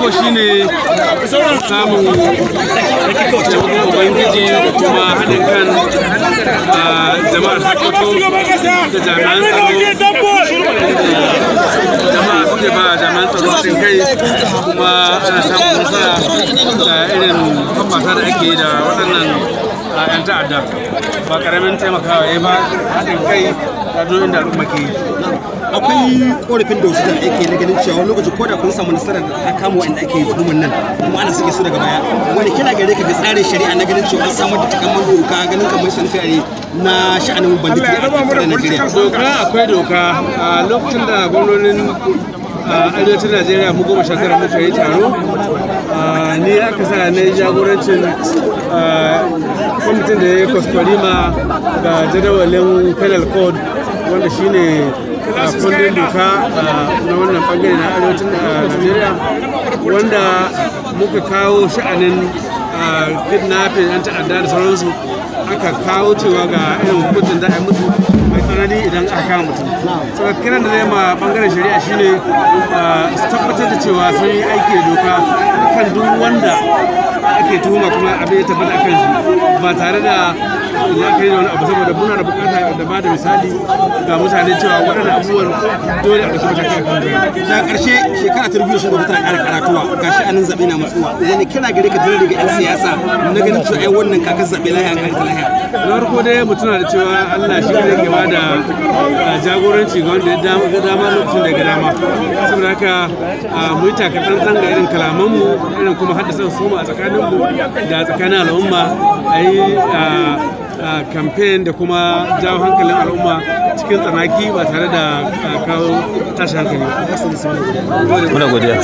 abu shine samun taimakon ubangiji kuma haɗin kan ah, jama'ar da jami'an tsaro jama'a suke ba jami'an tsaro kai kuma ana samun nasara da irin kwamfasa da ake da waɗannan ah, 'yan ta'adda ba ƙaramin taimakawa ya ba haɗin kai da duk inda al'umma ke yi akwai korafin da wasu jami'ai ke na ganin cewa wani lokaci ko da kun samu nasarar da ta kama wanda ake tuhumar nan kuma ana suke su daga baya wani kira gare ka ga tsarin shari'a na ganin cewa an samar da takamman doka ganin kamar sun fiyare na sha'anin banditi a kasar Najeriya. Doka akwai doka a lokacin da gwamnonin arewacin Najeriya mu goma sha muka yi taro ni aka sa na jagorancin kwamitin da ya yi kwaskwarima ga jadawalin penal code wanda shine kundin doka uh, na wannan bangare na arewacin uh, najeriya wanda muka kawo sha'anin uh, kidnapping yan ta'adda da sauransu aka kawo cewa ga irin hukuncin da a mutu mai tsanani idan aka kama mutum saboda kiran da zai ma bangaren shari'a shine su tabbatar da cewa sun yi aiki da doka kan duk wanda ake tuhuma kuma abin ya tabbata akan shi ba tare da ya kai da wani abu saboda muna da bukata da ba da misali ga mutane cewa waɗannan abubuwan dole a ɗauki matakan kan da ƙarshe shekara ta rubuta shugaba tana ƙara karatuwa gashi anan na matsuwa yana kira gare ka dole daga 'yan siyasa na ganin cewa ai wannan kakar zaɓe lahiya kan ta lahiya na farko dai mu tuna da cewa Allah shi ne ke ba da ah, jagoranci ga wanda ya dama lokacin daga dama saboda haka ah, mu yi takatsantsan irin kalamanmu irin kuma haddasa suma a tsakaninmu da tsakanin al'umma a yi ah, kamfen da kuma jawo hankalin al'umma cikin tsanaki ba tare da kawo tashi hankali ba. Muna godiya.